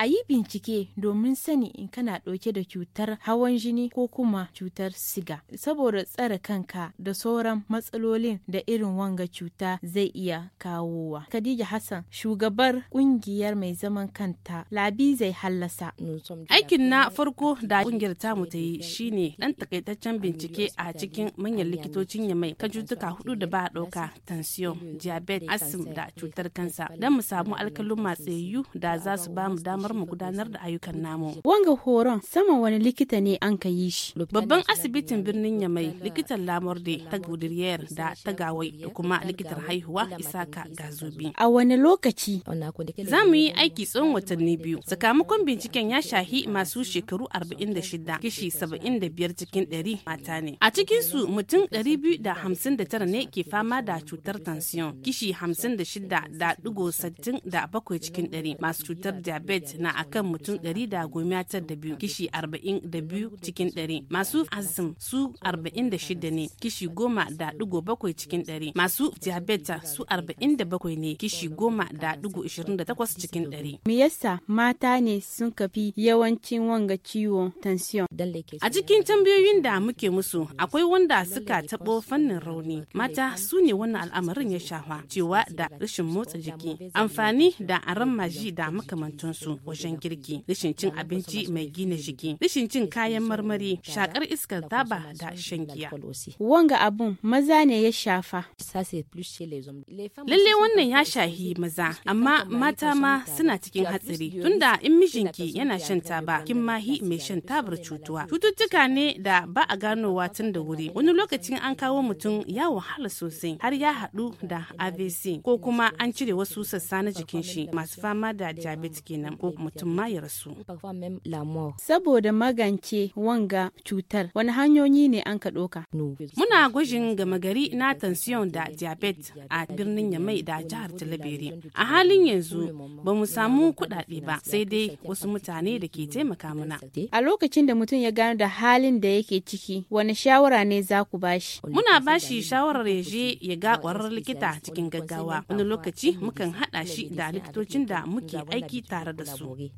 A yi bincike domin sani in kana ɗauke da cutar hawan jini ko kuma cutar siga, saboda tsare kanka da sauran matsalolin da irin wanga cuta zai iya kawowa. Khadija Hassan, shugabar ƙungiyar mai zaman kanta, labi zai hallasa. Aikin na farko da ƙungiyar ta ta yi shine ɗan takaitaccen bincike a cikin manyan likitocin yamai kan cutuka hudu da ba a ɗauka, tansiyon, diabetes, asim da cutar kansa, don mu samu alkalin matsayiyu da za su ba mu damar kamar mu gudanar da ayyukan namu. Wanga horon sama wani likita ne an ka yi shi. Babban asibitin birnin Yamai likitan Lamurde ta Gudiriyar da ta Gawai da kuma likitar haihuwa Isaka Gazubi. A wani lokaci? Za mu yi aiki tsawon watanni biyu. Sakamakon binciken ya shahi masu shekaru 46 kishi 75 cikin 100 mata ne. A cikin su mutum 259 ne ke fama da cutar tansiyon kishi 56 da digo 60 da bakwai cikin 100 masu cutar diabetes na akan mutum 112 kishi 42 cikin 100 masu azum su 46 ne kishi 10.7 cikin 100 masu diabeta su 47 ne kishi 10.28 cikin 100 me yasa mata ne sun kafi yawancin wanga ciwo tension a cikin tambayoyin da muke musu akwai wanda suka tabo fannin rauni mata su ne wannan al'amarin ya shafa cewa da rashin motsa jiki amfani da aran maji da makamantansu wajen girki rashin cin abinci mai gina jiki rashin cin kayan marmari shakar iskar taba da shan giya wanga abun maza ne ya shafa lalle wannan ya shahi maza amma mata ma suna cikin hatsari tunda in mijinki yana shan taba kin mahi mai shan tabar cutuwa cututtuka ne da ba a ganowa tun da wuri wani lokacin an kawo mutum ya wahala sosai har ya haɗu da AVC, ko kuma an cire wasu sassa na jikin shi masu fama da diabetes kenan ko mutum ma ya rasu. Saboda magance wanga cutar wani hanyoyi ne an ka ɗoka. Muna gwajin gama gari na tansiyon da diabetes a birnin Yamai da jihar Talabere. A halin yanzu ba mu samu kuɗaɗe ba sai dai wasu mutane da ke taimaka mana. A lokacin da mutum ya gano da halin da yake ciki wani shawara ne za ku shi. Muna bashi shawarar ya je ya ga ƙwararren likita cikin gaggawa wani lokaci mukan haɗa shi da likitocin da muke aiki tare da su. hoagie.